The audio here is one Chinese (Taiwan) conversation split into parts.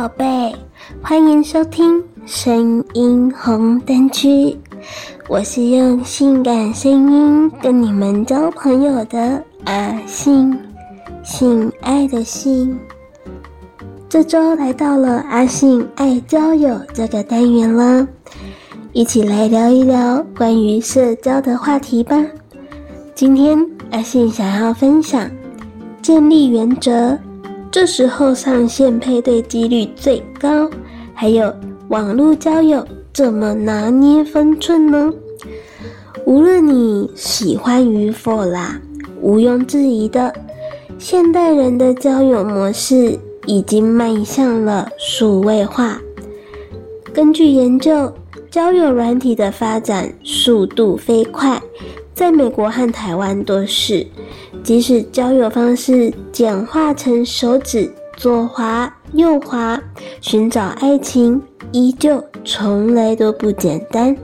寶貝，歡迎收聽聲音紅燈區，我是用性感聲音跟你們交朋友的阿性，性愛的性。這周來到了阿性愛交友這個單元了，一起來聊一聊關於社交的話題吧。今天阿性想要分享建立原則。這時候上線配對幾率最高，還有網路交友怎麼拿捏分寸呢？無論你喜歡與否啦，毋庸置疑的，現代人的交友模式已經邁向了數位化。根據研究，交友軟體的發展速度飛快，在美國和台灣都是。即使交友方式簡化成手指、左滑右滑，尋找愛情依舊從來都不簡單。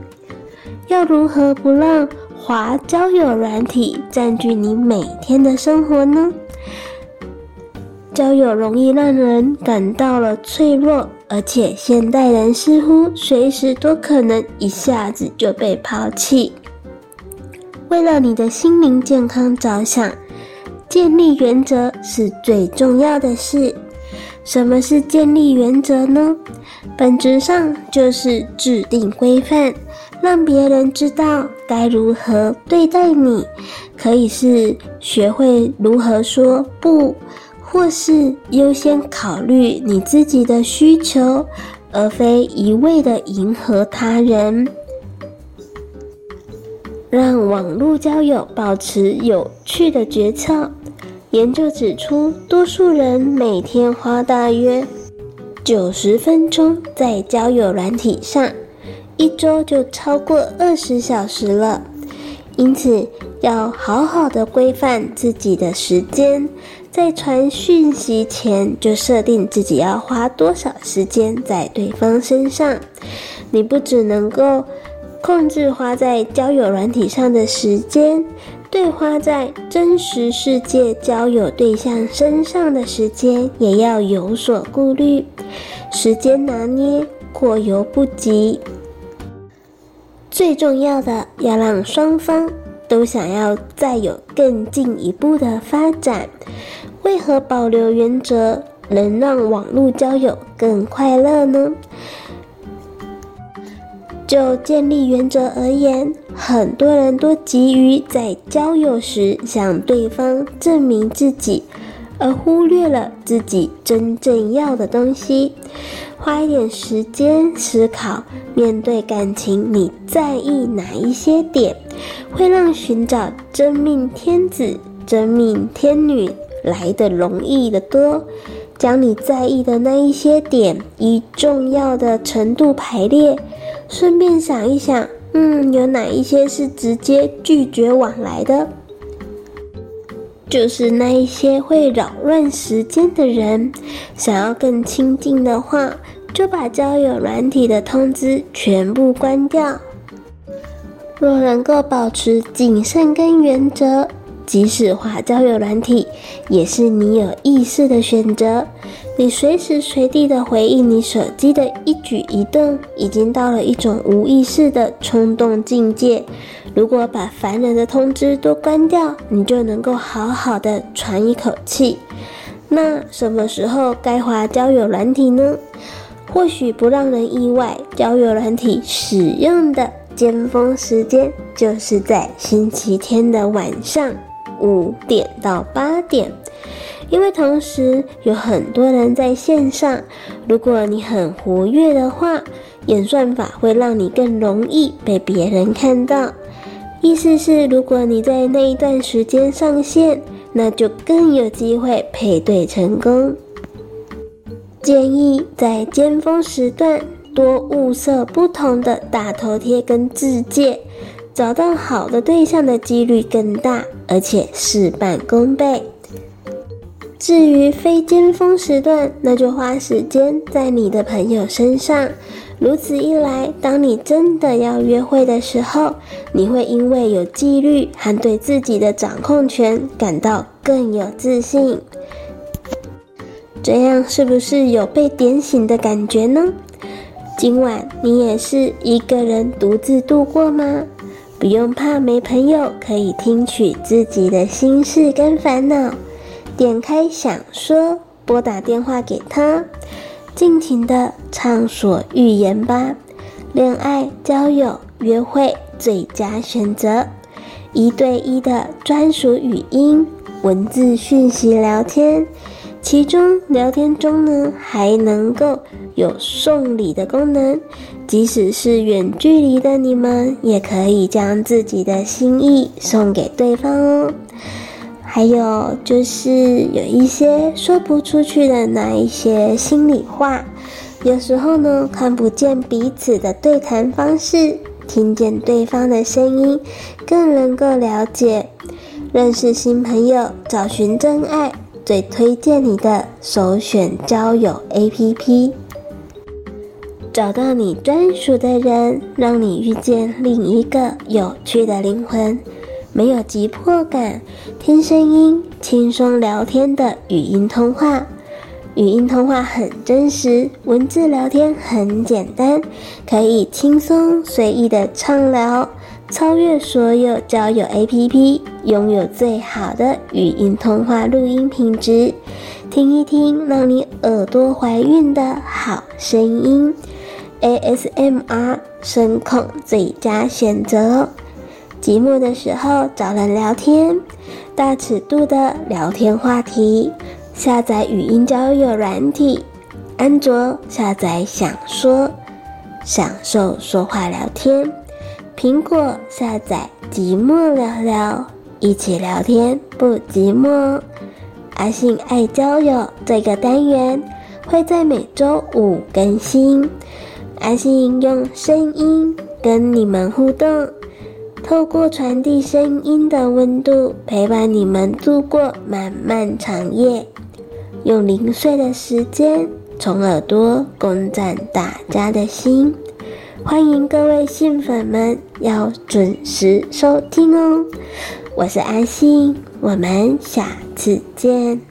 要如何不讓滑交友軟體佔據你每天的生活呢？交友容易讓人感到了脆弱，而且現代人似乎隨時都可能一下子就被拋棄。為了你的心靈健康着想，建立原則是最重要的事。什麼是建立原則呢？本質上就是制定規範，讓別人知道該如何對待你，可以是學會如何說不，或是優先考慮你自己的需求，而非一味的迎合他人。讓網路交友保持有趣的訣竅。研究指出，多數人每天花大約九十分鐘在交友軟體上，一周就超過二十小時了。因此，要好好的規範自己的時間，在傳訊息前就設定自己要花多少時間在對方身上。你不只能夠控制花在交友軟體上的時間。對花在真實世界交友對象身上的時間，也要有所顧慮，時間拿捏過猶不及。最重要的要讓雙方都想要再有更進一步的發展。為何保留原則能讓網絡交友更快樂呢？就建立原則而言，很多人都急於在交友時向對方證明自己，而忽略了自己真正要的東西。花一點時間思考，面對感情，你在意哪一些點，會讓尋找真命天子、真命天女來得容易得多。將你在意的那一些點以重要的程度排列。順便想一想，嗯，有哪一些是直接拒絕往來的？就是那一些會擾亂時間的人。想要更清靜的話，就把交友軟體的通知全部關掉。若能夠保持謹慎跟原則，即使滑交友軟體，也是你有意識的選擇。你隨時隨地的回應你手機的一舉一動，已經到了一種無意識的衝動境界。如果把煩人的通知都關掉，你就能夠好好的喘一口氣。那什麼時候該滑交友軟體呢？或許不讓人意外，交友軟體使用的尖峰時間，就是在星期天的晚上五點到八點。因為同時有很多人在線上，如果你很活躍的話，演算法會讓你更容易被別人看到。意思是，如果你在那一段時間上線，那就更有機會配對成功。建議在尖峰時段多物色不同的大頭貼跟自介，找到好的對象的幾率更大，而且事半功倍。至於非尖峰時段，那就花時間在你的朋友身上。如此一來，當你真的要約會的時候，你會因為有紀律和對自己的掌控權感到更有自信。這樣是不是有被點醒的感覺呢？今晚你也是一個人獨自度過嗎？不用怕沒朋友，可以聽取自己的心事跟煩惱。點開享說，撥打電話給他，盡情的暢所欲言吧。戀愛、交友、約會最佳選擇，一對一的專屬語音文字訊息聊天，其中聊天中呢還能夠有送禮的功能，即使是遠距離的你們也可以將自己的心意送給對方哦。還有就是有一些說不出去的那一些心裡話，有時候呢，看不見彼此的對談方式，聽見對方的聲音，更能夠了解、認識新朋友、找尋真愛，最推薦你的首選交友 APP，找到你專屬的人，讓你遇見另一個有趣的靈魂。沒有急迫感，聽聲音輕鬆聊天的語音通話，語音通話很真實，文字聊天很簡單，可以輕鬆隨意的暢聊，超越所有交友 APP，擁有最好的語音通話錄音品質，聽一聽讓你耳朵懷孕的好聲音，ASMR 聲控最佳選擇。寂寞的時候找人聊天，大尺度的聊天話題。下載語音交友軟體，安卓下載享說，享受說話聊天。蘋果下載寂寞聊聊，一起聊天不寂寞。阿性愛交友這個單元會在每周五更新，阿性用聲音跟你們互動。透過傳遞聲音的溫度，陪伴你們度過漫漫長夜。用零碎的時間，從耳朵攻占大家的心。歡迎各位性粉們，要準時收聽哦。我是阿性，我們下次見。